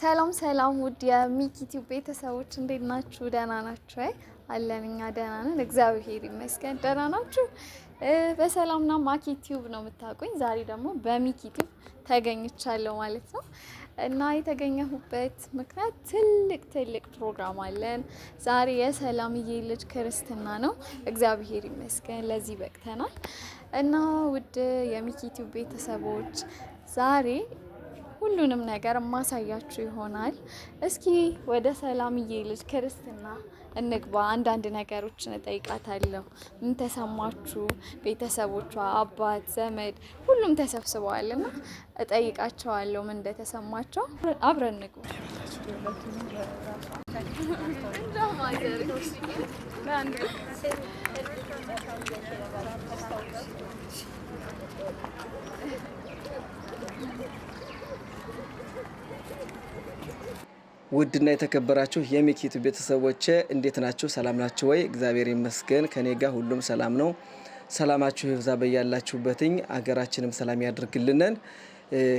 ሰላም ሰላም፣ ውድ የሚኪቲው ቤተሰቦች እንዴት ናችሁ? ደህና ናችሁ? አይ አለን እኛ ደህና ነን፣ እግዚአብሔር ይመስገን። ደህና ናችሁ? በሰላምና ማኪ ቲዩብ ነው የምታውቁኝ። ዛሬ ደግሞ በሚኪ ቲዩብ ተገኝቻለሁ ማለት ነው እና የተገኘሁበት ምክንያት ትልቅ ትልቅ ፕሮግራም አለን ዛሬ። የሰላምዬ ልጅ ክርስትና ነው። እግዚአብሔር ይመስገን ለዚህ በቅተናል እና ውድ የሚኪ ቲዩብ ቤተሰቦች ዛሬ ሁሉንም ነገር ማሳያችሁ ይሆናል። እስኪ ወደ ሰላምዬ ልጅ ክርስትና እንግባ። አንዳንድ ነገሮችን እጠይቃታለሁ። ምን ተሰማችሁ? ቤተሰቦቿ፣ አባት፣ ዘመድ ሁሉም ተሰብስበዋል እና እጠይቃቸዋለሁ ምን እንደተሰማቸው። አብረን እንግባ። ውድና የተከበራችሁ የሚኪቱ ቤተሰቦች እንዴት ናችሁ? ሰላም ናችሁ ወይ? እግዚአብሔር ይመስገን ከኔ ጋር ሁሉም ሰላም ነው። ሰላማችሁ ይብዛ በያላችሁበትኝ፣ አገራችንም ሰላም ያድርግልንን።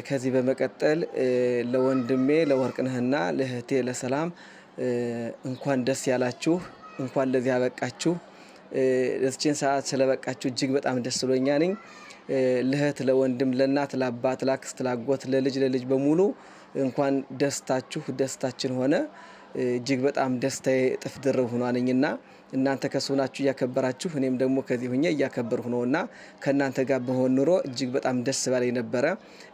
ከዚህ በመቀጠል ለወንድሜ ለወርቅነህና ለእህቴ ለሰላም እንኳን ደስ ያላችሁ፣ እንኳን ለዚህ ያበቃችሁ። ለዚችን ሰዓት ስለበቃችሁ እጅግ በጣም ደስ ብሎኛ ነኝ። ለእህት ለወንድም፣ ለእናት፣ ለአባት፣ ለአክስት፣ ላጎት፣ ለልጅ ለልጅ በሙሉ እንኳን ደስታችሁ ደስታችን ሆነ። እጅግ በጣም ደስታዬ እጥፍ ድርብ ሆኗልኝና እናንተ ከሱ ናችሁ እያከበራችሁ እኔም ደግሞ ከዚህ ሁኜ እያከበርሁ ነውና ከእናንተ ጋር በሆን ኑሮ እጅግ በጣም ደስ ባለኝ ነበረ።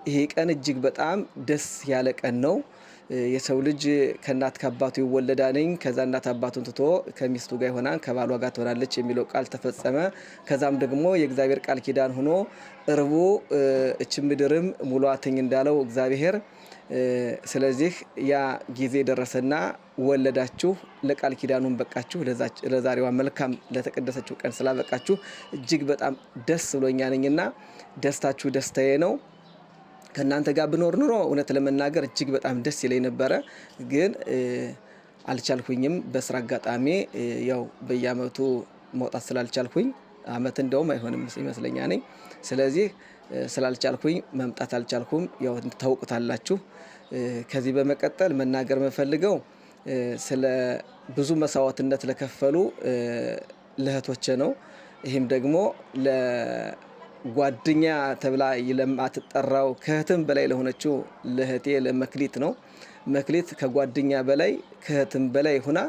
ይሄ ቀን እጅግ በጣም ደስ ያለ ቀን ነው። የሰው ልጅ ከእናት ከአባቱ ይወለዳልኝ። ከዛ እናት አባቱን ትቶ ከሚስቱ ጋር ይሆናል ከባሏ ጋር ትሆናለች የሚለው ቃል ተፈጸመ። ከዛም ደግሞ የእግዚአብሔር ቃል ኪዳን ሆኖ እርቡ እች ምድርም ሙሏትኝ እንዳለው እግዚአብሔር ስለዚህ ያ ጊዜ ደረሰና ወለዳችሁ ለቃል ኪዳኑን በቃችሁ። ለዛሬዋ መልካም ለተቀደሰችው ቀን ስላበቃችሁ እጅግ በጣም ደስ ብሎኛ ነኝና ደስታችሁ ደስታዬ ነው። ከእናንተ ጋር ብኖር ኑሮ እውነት ለመናገር እጅግ በጣም ደስ ይለኝ ነበረ ግን አልቻልኩኝም። በስራ አጋጣሚ ያው በየአመቱ መውጣት ስላልቻልኩኝ አመት እንደውም አይሆንም ይመስለኛ ነኝ። ስለዚህ ስላልቻልኩኝ መምጣት አልቻልኩም። ያው ታውቁታላችሁ። ከዚህ በመቀጠል መናገር የምፈልገው ስለ ብዙ መስዋዕትነት ለከፈሉ ለእህቶቼ ነው። ይህም ደግሞ ለጓደኛ ተብላ ለማትጠራው ከእህትም በላይ ለሆነችው ለእህቴ ለመክሊት ነው። መክሊት ከጓደኛ በላይ ከእህትም በላይ ሁና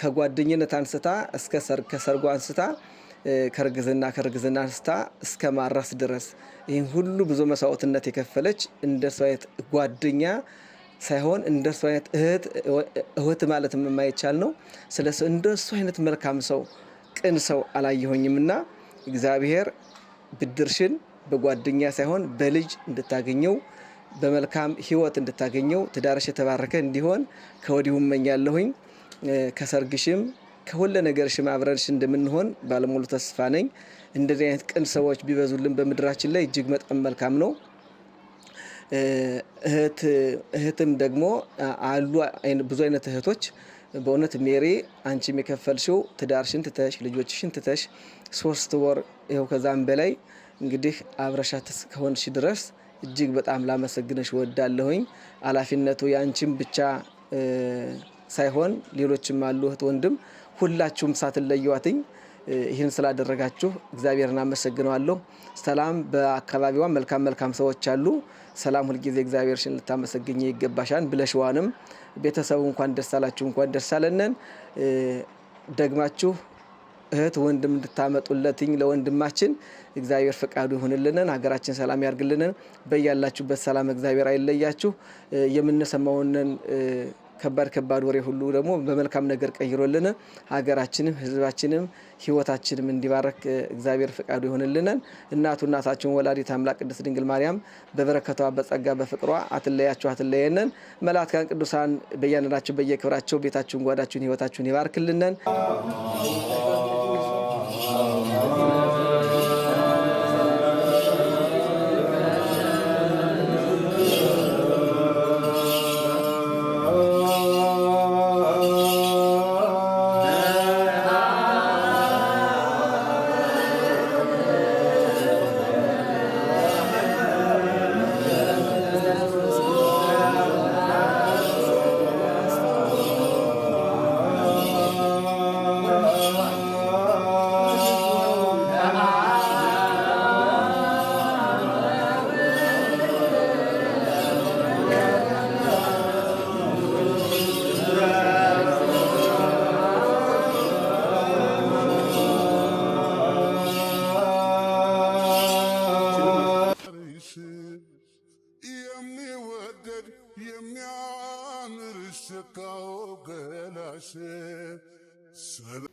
ከጓደኝነት አንስታ እስከ ሰርግ አንስታ ከእርግዝና ከእርግዝና አንስታ እስከ ማራስ ድረስ ይህን ሁሉ ብዙ መስዋዕትነት የከፈለች እንደ እርሷ አይነት ጓደኛ ሳይሆን እንደ እርሷ አይነት እህት እህት ማለት የማይቻል ነው። ስለ እንደ እሱ አይነት መልካም ሰው ቅን ሰው አላየሆኝምና እግዚአብሔር ብድርሽን በጓደኛ ሳይሆን በልጅ እንድታገኘው በመልካም ህይወት እንድታገኘው ትዳርሽ የተባረከ እንዲሆን ከወዲሁ እመኛለሁኝ። ከሰርግሽም ከሁለ ነገርሽም አብረንሽ እንደምንሆን ባለሙሉ ተስፋ ነኝ። እንደዚህ አይነት ቅን ሰዎች ቢበዙልን በምድራችን ላይ እጅግ በጣም መልካም ነው። እህትም ደግሞ አሉ ብዙ አይነት እህቶች በእውነት ሜሪ አንቺም የከፈልሽው ትዳርሽን ትተሽ ልጆችሽን ትተሽ ሶስት ወር ይኸው ከዛም በላይ እንግዲህ አብረሻት እስከሆንሽ ድረስ እጅግ በጣም ላመሰግነሽ ወዳለሁኝ። ኃላፊነቱ የአንቺም ብቻ ሳይሆን ሌሎችም አሉ እህት ወንድም፣ ሁላችሁም ሳትለየዋትኝ ይህን ስላደረጋችሁ እግዚአብሔርን አመሰግነዋለሁ። ሰላም በአካባቢዋ መልካም መልካም ሰዎች አሉ። ሰላም ሁልጊዜ እግዚአብሔር ሽን ልታመሰግኝ ይገባሻን ብለሽዋንም ቤተሰቡ እንኳን ደስ አላችሁ እንኳን ደስ አለነን ደግማችሁ እህት ወንድም እንድታመጡለትኝ ለወንድማችን እግዚአብሔር ፈቃዱ ይሁንልንን። ሀገራችን ሰላም ያርግልንን። በያላችሁበት ሰላም እግዚአብሔር አይለያችሁ። የምንሰማውንን ከባድ ከባድ ወሬ ሁሉ ደግሞ በመልካም ነገር ቀይሮልን ሀገራችንም ህዝባችንም ህይወታችንም እንዲባረክ እግዚአብሔር ፈቃዱ ይሆንልናል። እናቱ እናታችን ወላዲት አምላክ ቅድስት ድንግል ማርያም በበረከቷ በጸጋ በፍቅሯ አትለያችሁ አትለየነን። መላትካን ቅዱሳን በያንዳቸው በየክብራቸው ቤታችሁን፣ ጓዳችሁን፣ ህይወታችሁን ይባርክልነን። Sana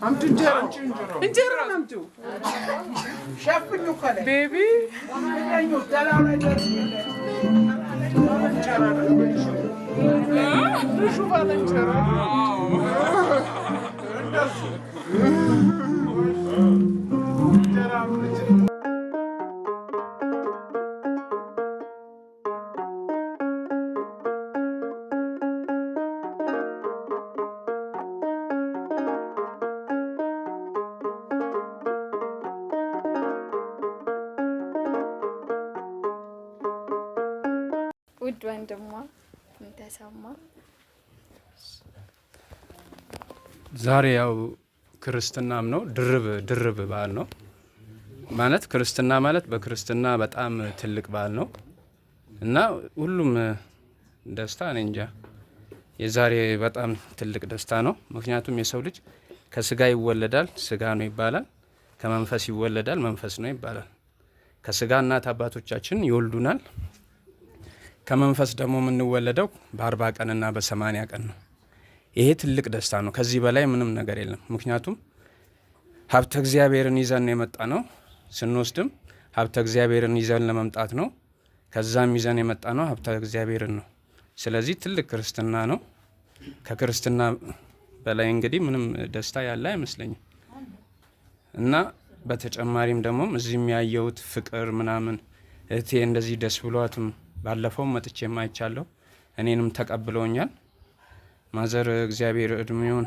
እንጀራ ዛሬ ያው ክርስትናም ነው፣ ድርብ ድርብ በዓል ነው ማለት ክርስትና ማለት በክርስትና በጣም ትልቅ በዓል ነው እና ሁሉም ደስታ እኔ እንጃ የዛሬ በጣም ትልቅ ደስታ ነው። ምክንያቱም የሰው ልጅ ከስጋ ይወለዳል፣ ስጋ ነው ይባላል። ከመንፈስ ይወለዳል፣ መንፈስ ነው ይባላል። ከስጋ እናት አባቶቻችን ይወልዱናል። ከመንፈስ ደግሞ የምንወለደው በአርባ ቀንና በሰማንያ ቀን ነው። ይሄ ትልቅ ደስታ ነው። ከዚህ በላይ ምንም ነገር የለም። ምክንያቱም ሀብተ እግዚአብሔርን ይዘን ነው የመጣ ነው። ስንወስድም ሀብተ እግዚአብሔርን ይዘን ለመምጣት ነው። ከዛም ይዘን የመጣ ነው ሀብተ እግዚአብሔርን ነው። ስለዚህ ትልቅ ክርስትና ነው። ከክርስትና በላይ እንግዲህ ምንም ደስታ ያለ አይመስለኝም። እና በተጨማሪም ደግሞ እዚህም ያየሁት ፍቅር ምናምን እህቴ እንደዚህ ደስ ብሏትም ባለፈው መጥቼ ማይቻለሁ እኔንም ተቀብለውኛል። ማዘር እግዚአብሔር እድሜውን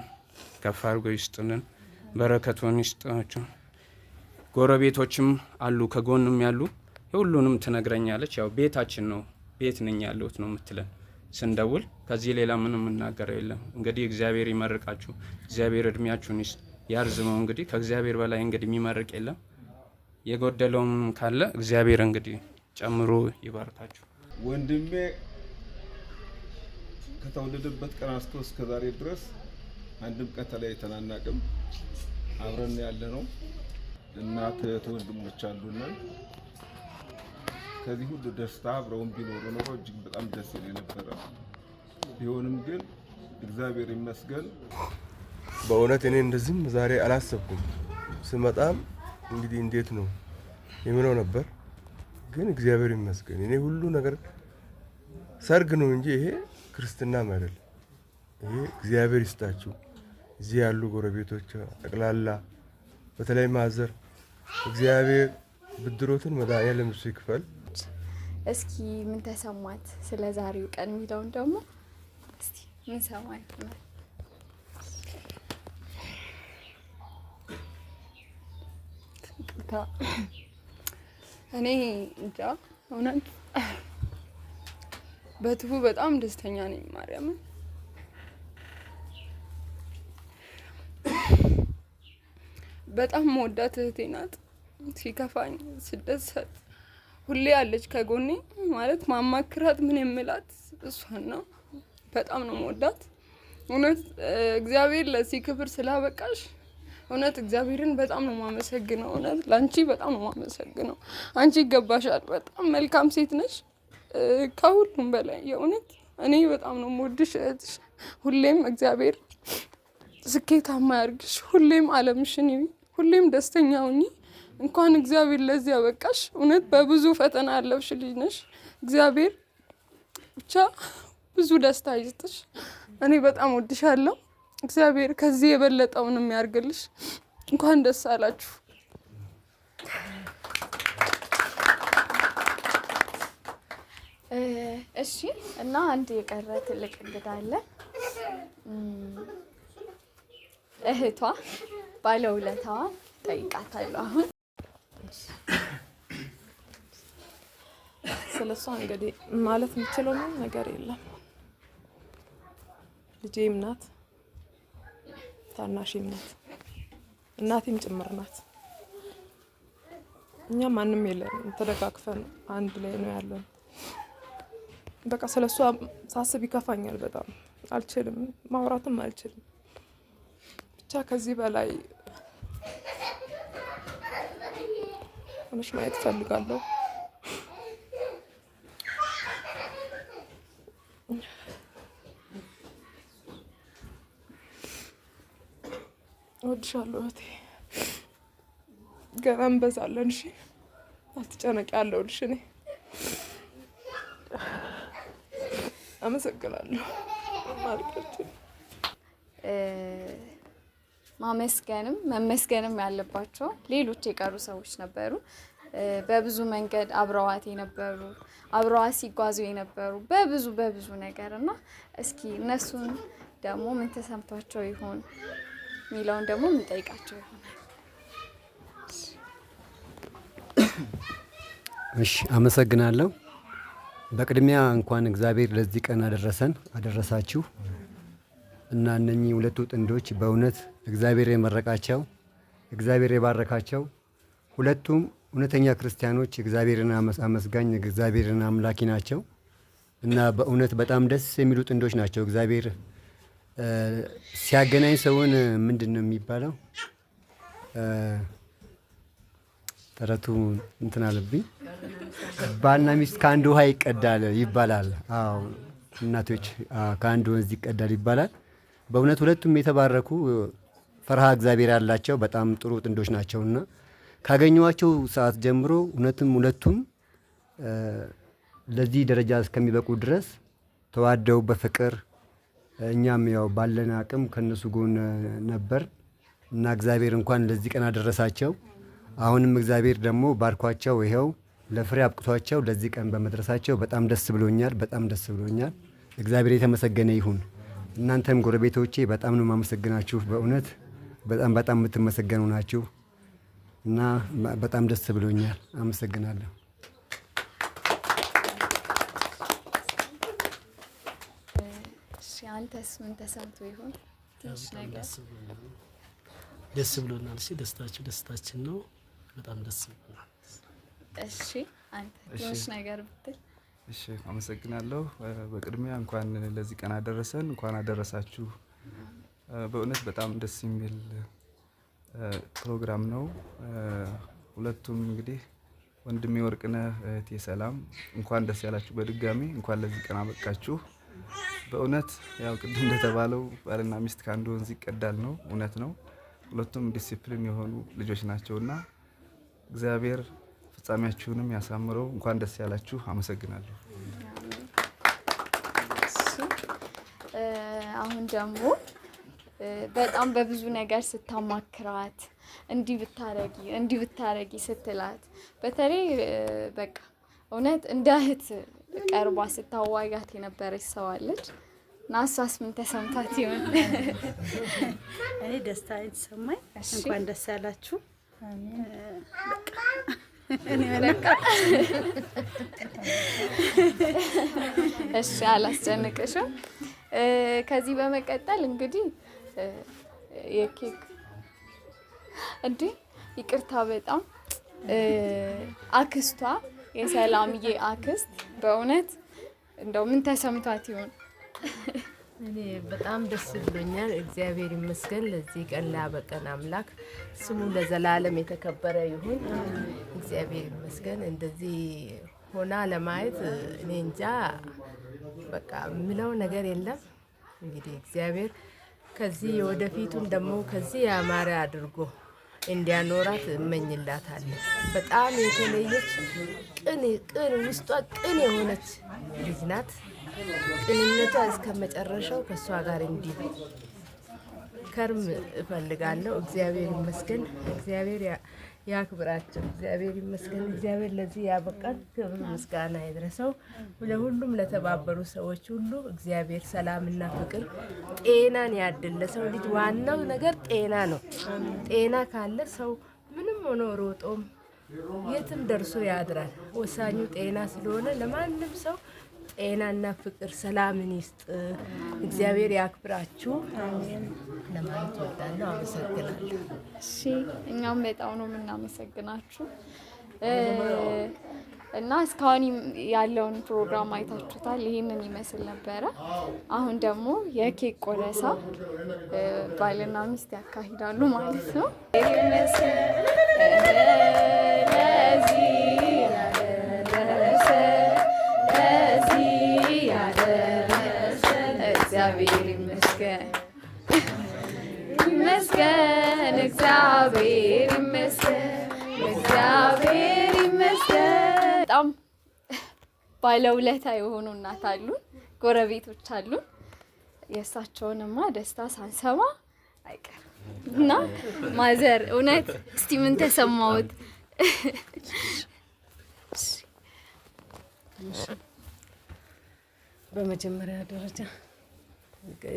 ከፍ አድርጎ ይስጥልን፣ በረከቱን ይስጥናቸው። ጎረቤቶችም አሉ ከጎንም ያሉ ሁሉንም ትነግረኛለች። ያው ቤታችን ነው ቤት ነኝ ያለሁት ነው የምትለን ስንደውል። ከዚህ ሌላ ምንም የምናገረው የለም። እንግዲህ እግዚአብሔር ይመርቃችሁ፣ እግዚአብሔር እድሜያችሁን ያርዝመው። እንግዲህ ከእግዚአብሔር በላይ እንግዲህ የሚመርቅ የለም። የጎደለውም ካለ እግዚአብሔር እንግዲህ ጨምሮ ይባርካችሁ ወንድሜ ከተወለደበት ቀን እስከ እስከዛሬ ድረስ አንድም ቀን ተለያይተን አናውቅም። አብረን ያለ ነው። እናት ወንድሞች አሉና ከዚህ ሁሉ ደስታ አብረውን ቢኖሩ ኖሮ እጅግ በጣም ደስ ይል ነበረ። ቢሆንም ግን እግዚአብሔር ይመስገን። በእውነት እኔ እንደዚህም ዛሬ አላሰብኩም። ስመጣም እንግዲህ እንዴት ነው የምለው ነበር፣ ግን እግዚአብሔር ይመስገን እኔ ሁሉ ነገር ሰርግ ነው እንጂ ይሄ ክርስትናም አይደለም። ይሄ እግዚአብሔር ይስጣችሁ። እዚህ ያሉ ጎረቤቶች ጠቅላላ፣ በተለይ ማዘር እግዚአብሔር ብድሮትን መድኃኒዓለም እሱ ይክፈል። እስኪ ምን ተሰማት ስለ ዛሬው ቀን የሚለውን ደግሞ ምን ሰማት? እኔ እንጃ እውነት በትቡ በጣም ደስተኛ ነኝ። ማርያምን በጣም መወዳት እህቴ ናት። ሲከፋኝ ስደሰት ሁሌ አለች ከጎኔ ማለት ማማክራት ምን የምላት እሷን ነው። በጣም ነው መወዳት። እውነት እግዚአብሔር ለዚህ ክብር ስላበቃሽ እውነት እግዚአብሔርን በጣም ነው ማመሰግነው። እውነት ለአንቺ በጣም ነው ማመሰግነው። አንቺ ይገባሻል። በጣም መልካም ሴት ነች። ከሁሉም በላይ የእውነት እኔ በጣም ነው የምወድሽ እህትሽ። ሁሌም እግዚአብሔር ስኬታማ ያርግሽ። ሁሌም አለምሽን ይ ሁሌም ደስተኛ ሁኚ። እንኳን እግዚአብሔር ለዚህ ያበቃሽ። እውነት በብዙ ፈተና ያለብሽ ልጅ ነሽ። እግዚአብሔር ብቻ ብዙ ደስታ ይስጥሽ። እኔ በጣም ወድሻለሁ። እግዚአብሔር ከዚህ የበለጠውንም ያርግልሽ። እንኳን ደስ አላችሁ። እሺ። እና አንድ የቀረ ትልቅ እንግዳ አለ። እህቷ ባለውለታዋ ጠይቃታለሁ። አሁን ስለ እሷ እንግዲህ ማለት የምችለው ነገር የለም። ልጄም ናት፣ ታናሽም ናት፣ እናቴም ጭምር ናት። እኛ ማንም የለንም፣ ተደጋግፈን አንድ ላይ ነው ያለን። በቃ ስለ እሷ ሳስብ ይከፋኛል በጣም አልችልም፣ ማውራትም አልችልም። ብቻ ከዚህ በላይ ሆነሽ ማየት እፈልጋለሁ። እወድሻለሁ እህቴ፣ ገና እንበዛለን። እሺ አትጨነቂ፣ ያለሁልሽ እኔ አመሰግናለሁ። ማመስገንም መመስገንም ያለባቸው ሌሎች የቀሩ ሰዎች ነበሩ። በብዙ መንገድ አብረዋት የነበሩ አብረዋት ሲጓዙ የነበሩ በብዙ በብዙ ነገር እና እስኪ እነሱን ደግሞ ምን ተሰምቷቸው ይሆን የሚለውን ደግሞ ምንጠይቃቸው ይሆናል። እሺ አመሰግናለሁ። በቅድሚያ እንኳን እግዚአብሔር ለዚህ ቀን አደረሰን አደረሳችሁ። እና እነኚህ ሁለቱ ጥንዶች በእውነት እግዚአብሔር የመረቃቸው እግዚአብሔር የባረካቸው ሁለቱም እውነተኛ ክርስቲያኖች እግዚአብሔርን አመስጋኝ እግዚአብሔርን አምላኪ ናቸው። እና በእውነት በጣም ደስ የሚሉ ጥንዶች ናቸው። እግዚአብሔር ሲያገናኝ ሰውን ምንድን ነው የሚባለው? ተረቱ እንትን አለብኝ። ባልና ሚስት ከአንድ ውሃ ይቀዳል ይባላል። አዎ እናቶች ከአንድ ወንዝ ይቀዳል ይባላል። በእውነት ሁለቱም የተባረኩ ፈርሃ እግዚአብሔር ያላቸው በጣም ጥሩ ጥንዶች ናቸውና ካገኘኋቸው ሰዓት ጀምሮ እውነትም ሁለቱም ለዚህ ደረጃ እስከሚበቁ ድረስ ተዋደው በፍቅር እኛም ያው ባለን አቅም ከእነሱ ጎን ነበር እና እግዚአብሔር እንኳን ለዚህ ቀን አደረሳቸው። አሁንም እግዚአብሔር ደግሞ ባርኳቸው ይኸው ለፍሬ አብቅቷቸው ለዚህ ቀን በመድረሳቸው በጣም ደስ ብሎኛል። በጣም ደስ ብሎኛል። እግዚአብሔር የተመሰገነ ይሁን። እናንተም ጎረቤቶቼ በጣም ነው የማመሰግናችሁ። በእውነት በጣም በጣም የምትመሰገኑ ናችሁ እና በጣም ደስ ብሎኛል። አመሰግናለሁ። አንተስ ምን ተሰምቶ ይሆን? ደስ ብሎናል። ደስታችሁ ደስታችን ነው። በጣም ደስ ብሎናል። እሺ አንተ ትንሽ ነገር ብትል። እሺ አመሰግናለሁ። በቅድሚያ እንኳን ለዚህ ቀን አደረሰን፣ እንኳን አደረሳችሁ። በእውነት በጣም ደስ የሚል ፕሮግራም ነው። ሁለቱም እንግዲህ ወንድሜ ወርቅነህ፣ እህቴ ሰላም እንኳን ደስ ያላችሁ በድጋሚ እንኳን ለዚህ ቀን አበቃችሁ። በእውነት ያው ቅድም እንደተባለው ባልና ሚስት ከአንድ ወንዝ ይቀዳል ነው፣ እውነት ነው። ሁለቱም ዲሲፕሊን የሆኑ ልጆች ናቸውና እግዚአብሔር ፍጻሜያችሁንም ያሳምረው። እንኳን ደስ ያላችሁ። አመሰግናለሁ። አሁን ደግሞ በጣም በብዙ ነገር ስታማክራት እንዲህ ብታረጊ እንዲህ ብታረጊ ስትላት በተለይ በቃ እውነት እንደ እህት ቀርባ ስታዋጋት የነበረች ሰው አለች እና እሷስ ምን ተሰምታት ይሆን? እኔ ደስታ የተሰማኝ እንኳን ደስ ያላችሁ እሺ፣ አላስጨንቅሽም። ከዚህ በመቀጠል እንግዲህ የኬክ እንዴ፣ ይቅርታ በጣም አክስቷ የሰላምዬ አክስት በእውነት እንደው ምን ተሰምቷት ይሆን? እኔ በጣም ደስ ብሎኛል። እግዚአብሔር ይመስገን ለዚህ ቀን ላበቀን አምላክ ስሙ ለዘላለም የተከበረ ይሁን። እግዚአብሔር ይመስገን እንደዚህ ሆና ለማየት እኔ እንጃ በቃ የምለው ነገር የለም። እንግዲህ እግዚአብሔር ከዚህ ወደፊቱን ደግሞ ከዚህ ያማረ አድርጎ እንዲያኖራት እመኝላታለሁ። በጣም የተለየች ቅን ቅን ውስጧ ቅን የሆነች ልጅ ናት። ቅንነቷ እስከ መጨረሻው ከእሷ ጋር እንዲህ ከርም እፈልጋለሁ። እግዚአብሔር ይመስገን። እግዚአብሔር ያክብራቸው። እግዚአብሔር ይመስገን። እግዚአብሔር ለዚህ ያበቃል። ክብር ምስጋና ይድረሰው። ለሁሉም ለተባበሩ ሰዎች ሁሉ እግዚአብሔር ሰላምና ፍቅር ጤናን ያድል። ለሰው ልጅ ዋናው ነገር ጤና ነው። ጤና ካለ ሰው ምንም ሆኖ ሮጦም የትም ደርሶ ያድራል። ወሳኙ ጤና ስለሆነ ለማንም ሰው ጤናና ፍቅር ሰላምን ይስጥ፣ እግዚአብሔር ያክብራችሁ ለማለት ወዳለሁ። አመሰግናለሁ። እኛም በጣም ነው የምናመሰግናችሁ እና እስካሁን ያለውን ፕሮግራም አይታችሁታል። ይህንን ይመስል ነበረ። አሁን ደግሞ የኬክ ቆረሳ ባልና ሚስት ያካሂዳሉ ማለት ነው። ይመስገን እግዚአብሔር ይመስገን እግዚአብሔር ይመስገን። በጣም ባለውለታ የሆኑ እናት አሉን፣ ጎረቤቶች አሉን። የእሳቸውንማ ደስታ ሳንሰማ አይቀርም እና ማዘር እውነት እስቲ ምን ተሰማሁት? በመጀመሪያ ደረጃ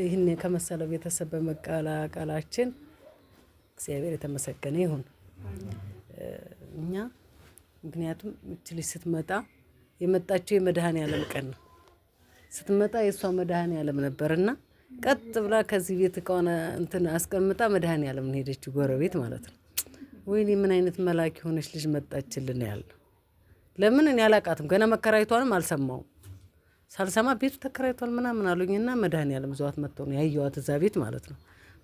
ይህን ከመሰለው ቤተሰብ በመቀላቀላችን እግዚአብሔር የተመሰገነ ይሁን። እኛ ምክንያቱም እች ልጅ ስትመጣ የመጣችው የመድኃኔ ዓለም ቀን ነው። ስትመጣ የእሷ መድኃኔ ዓለም ነበርና ቀጥ ብላ ከዚህ ቤት ከሆነ እንትን አስቀምጣ መድኃኔ ዓለም ሄደች ጎረቤት ማለት ነው። ወይኔ ምን አይነት መላክ የሆነች ልጅ መጣችልን ያለው ለምን እኔ አላቃትም። ገና መከራይቷንም አልሰማውም። ሳልሰማ ቤቱ ተከራይቷል ምናምን አሉኝና መድኃኔ ዓለም ዘዋት መጥተው ነው ያየዋት እዛ ቤት ማለት ነው።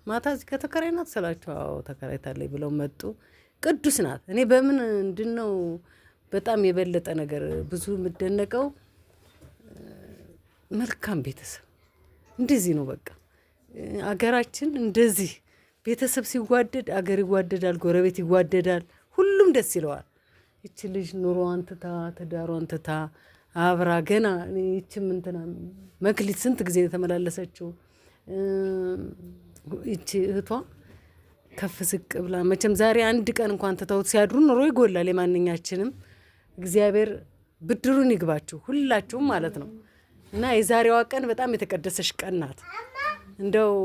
ማታ እዚህ ከተከራይ ናት ስላቸው፣ አዎ ተከራይታለች ብለው መጡ። ቅዱስ ናት። እኔ በምን እንድነው በጣም የበለጠ ነገር ብዙ የምደነቀው መልካም ቤተሰብ እንደዚህ ነው። በቃ አገራችን እንደዚህ ቤተሰብ ሲዋደድ አገር ይዋደዳል፣ ጎረቤት ይዋደዳል፣ ሁሉም ደስ ይለዋል። ይቺ ልጅ ኑሮዋን ትታ ትዳሯን ትታ አብራ ገና ይችም እንትና መክሊት ስንት ጊዜ የተመላለሰችው ይቺ እህቷ ከፍ ዝቅ ብላ መቼም ዛሬ አንድ ቀን እንኳን ትተውት ሲያድሩ ኑሮ ይጎላል። የማንኛችንም እግዚአብሔር ብድሩን ይግባችሁ ሁላችሁም ማለት ነው። እና የዛሬዋ ቀን በጣም የተቀደሰች ቀን ናት። እንደው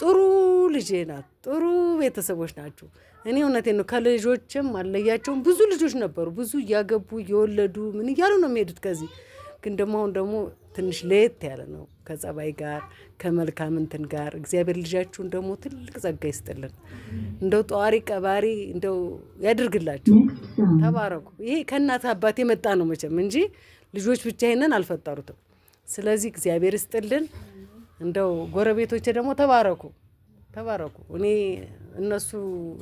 ጥሩ ልጄ ናት፣ ጥሩ ቤተሰቦች ናችሁ። እኔ እውነቴን ነው ከልጆችም አለያቸውም። ብዙ ልጆች ነበሩ፣ ብዙ እያገቡ እየወለዱ ምን እያሉ ነው የሚሄዱት። ከዚህ ግን ደግሞ አሁን ደግሞ ትንሽ ለየት ያለ ነው። ከጸባይ ጋር ከመልካም እንትን ጋር እግዚአብሔር ልጃችሁን ደግሞ ትልቅ ጸጋ ይስጥልን። እንደው ጠዋሪ ቀባሪ እንደው ያድርግላችሁ። ተባረኩ። ይሄ ከእናት አባት የመጣ ነው መቼም እንጂ ልጆች ብቻ ይሄንን አልፈጠሩትም። ስለዚህ እግዚአብሔር ይስጥልን። እንደው ጎረቤቶች ደግሞ ተባረኩ፣ ተባረኩ። እኔ እነሱ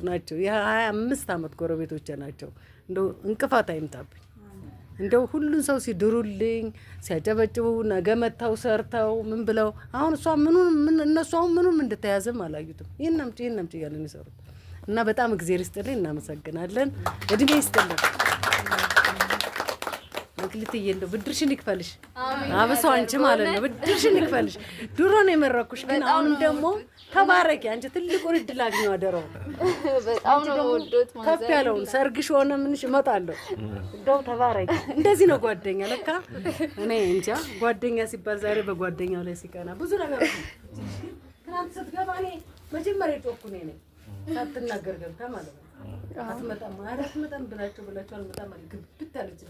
ናቸው የሀያ አምስት ዓመት ጎረቤቶቼ ናቸው። እንደው እንቅፋት አይምጣብኝ። እንደው ሁሉን ሰው ሲድሩልኝ ሲያጨበጭቡ ነገ መጥተው ሰርተው ምን ብለው አሁን እሷ ምኑ እነሱ አሁን ምኑም እንደተያዘም አላዩትም። ይህን አምጪ ይህን አምጪ እያለን ይሰሩት እና በጣም እግዜር ይስጥልኝ። እናመሰግናለን። እድሜ ይስጥልን። እንግልትዬ እንደው ብድርሽን ይክፈልሽ፣ አብሶ አንቺ ማለት ነው። ብድርሽን ይክፈልሽ። ድሮ ነው የመረኩሽ፣ ግን አሁን ደግሞ ተባረኪ። አንቺ ትልቁን እድል አግኘው አደረው። በጣም ነው ወዶት ከፍ ያለውን ሰርግሽ ሆነ ምንሽ እመጣለሁ። እንደው ተባረኪ። እንደዚህ ነው ጓደኛ። ለካ እኔ እንጃ ጓደኛ ሲባል ዛሬ በጓደኛው ላይ ሲቀና ብዙ ነገር ነው። ትናንት ስትገባ እኔ መጀመሪያ የጮኩ እኔ ሳትናገር ገብታ ማለት ነው አትመጣም አትመጣም ብላቸው ብላቸው አልመጣም አለ። ግብት አለች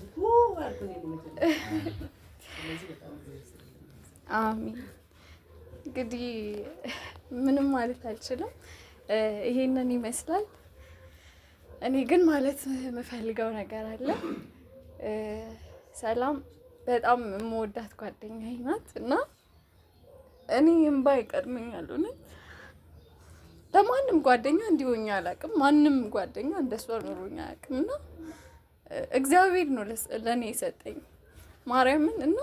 አሜን። እንግዲህ ምንም ማለት አልችልም። ይሄንን ይመስላል። እኔ ግን ማለት የምፈልገው ነገር አለ። ሰላም በጣም የምወዳት ጓደኛዬ ናት እና እኔ እምባ ይቀድመኛል እውነት ለማንም ጓደኛ እንዲሆኛ አላውቅም። ማንም ጓደኛ እንደሷ ኖሮኛ አያውቅም። እና እግዚአብሔር ነው ለእኔ የሰጠኝ ማርያምን እና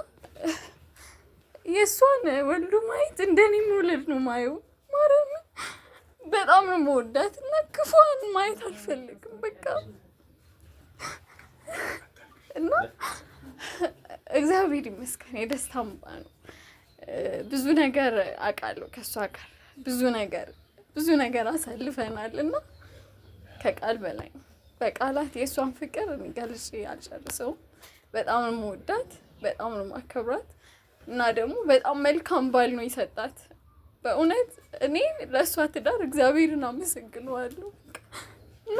የእሷን ወልዱ ማየት እንደኔ መውለድ ነው ማየው። ማርያምን በጣም ነው መወዳት እና ክፏን ማየት አልፈልግም በቃ እና እግዚአብሔር ይመስገን የደስታ አምባ ነው። ብዙ ነገር አውቃለሁ ከእሷ ጋር ብዙ ነገር ብዙ ነገር አሳልፈናል እና ከቃል በላይ በቃላት የእሷን ፍቅር እኔ አልጨርሰውም። በጣም ነው በጣም ነው እና ደግሞ በጣም መልካም ባል ነው የሰጣት። በእውነት እኔ ለእሷ ትዳር እግዚአብሔርን አመሰግነዋለሁ እና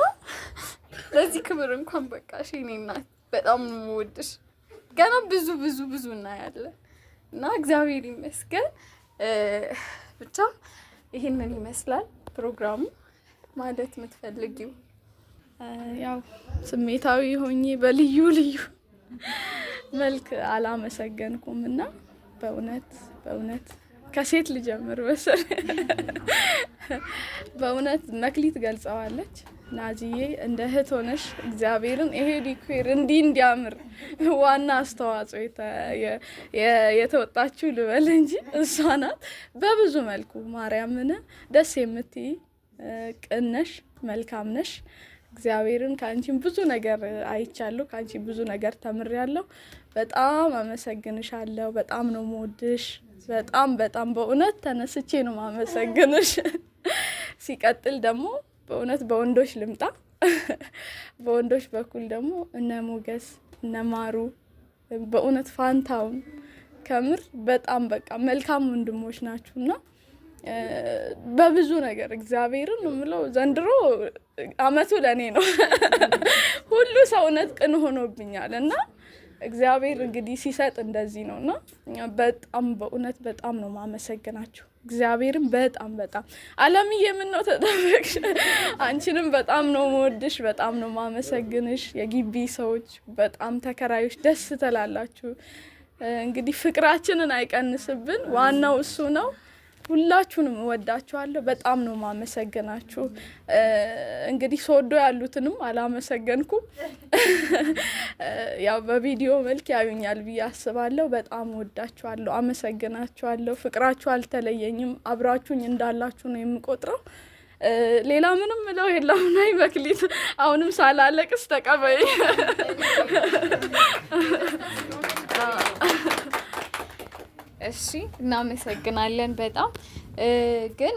ለዚህ ክብር እንኳን በቃሽ የኔ እናት፣ በጣም ነው የምወድሽ። ገና ብዙ ብዙ ብዙ እናያለን እና እግዚአብሔር ይመስገን ብቻ ይህንን ይመስላል ፕሮግራሙ ማለት የምትፈልጊው ያው ስሜታዊ ሆኜ በልዩ ልዩ መልክ አላመሰገንኩም እና በእውነት በእውነት ከሴት ልጀምር መሰል በእውነት መክሊት ገልጸዋለች። ናዚዬ እንደ እህት ሆነሽ እግዚአብሔርን ይሄ ዲኩዌር እንዲህ እንዲያምር ዋና አስተዋጽኦ የተወጣችው ልበል እንጂ እሷ ናት። በብዙ መልኩ ማርያምን ደስ የምትይ ቅነሽ፣ መልካም ነሽ። እግዚአብሔርን ከአንቺም ብዙ ነገር አይቻለሁ። ከአንቺ ብዙ ነገር ተምሬያለሁ። በጣም አመሰግንሻለሁ። በጣም ነው የምወድሽ። በጣም በጣም በእውነት ተነስቼ ነው ማመሰግንሽ። ሲቀጥል ደግሞ በእውነት በወንዶች ልምጣ። በወንዶች በኩል ደግሞ እነ ሞገስ እነ ማሩ በእውነት ፋንታውን ከምር በጣም በቃ መልካም ወንድሞች ናችሁና በብዙ ነገር እግዚአብሔርን የምለው ዘንድሮ አመቱ ለእኔ ነው። ሁሉ ሰውነት ቅን ሆኖብኛል እና እግዚአብሔር እንግዲህ ሲሰጥ እንደዚህ ነው እና በጣም በእውነት በጣም ነው ማመሰግናችሁ። እግዚአብሔርም በጣም በጣም አለምዬ፣ ምን ነው ተጠበቅሽ? አንቺንም በጣም ነው መወድሽ፣ በጣም ነው ማመሰግንሽ። የግቢ ሰዎች በጣም ተከራዮች ደስ ትላላችሁ። እንግዲህ ፍቅራችንን አይቀንስብን፣ ዋናው እሱ ነው። ሁላችሁንም እወዳችኋለሁ። በጣም ነው ማመሰግናችሁ። እንግዲህ ሶዶ ያሉትንም አላመሰገንኩም። ያው በቪዲዮ መልክ ያዩኛል ብዬ አስባለሁ። በጣም እወዳችኋለሁ፣ አመሰግናችኋለሁ። ፍቅራችሁ አልተለየኝም። አብራችሁኝ እንዳላችሁ ነው የምቆጥረው። ሌላ ምንም ምለው የለም። ናይ መክሊት አሁንም ሳላለቅስ ተቀበይ እሺ፣ እናመሰግናለን በጣም ግን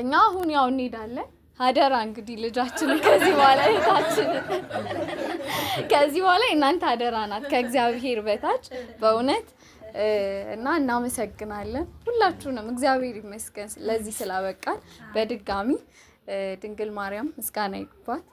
እኛ አሁን ያው እንሄዳለን። ሀደራ እንግዲህ ልጃችንን ከዚህ በኋላ እህታችንን ከዚህ በኋላ እናንተ ሀደራ ናት ከእግዚአብሔር በታች በእውነት እና እናመሰግናለን ሁላችሁንም። እግዚአብሔር ይመስገን ለዚህ ስላበቃል። በድጋሚ ድንግል ማርያም ምስጋና ይግባት።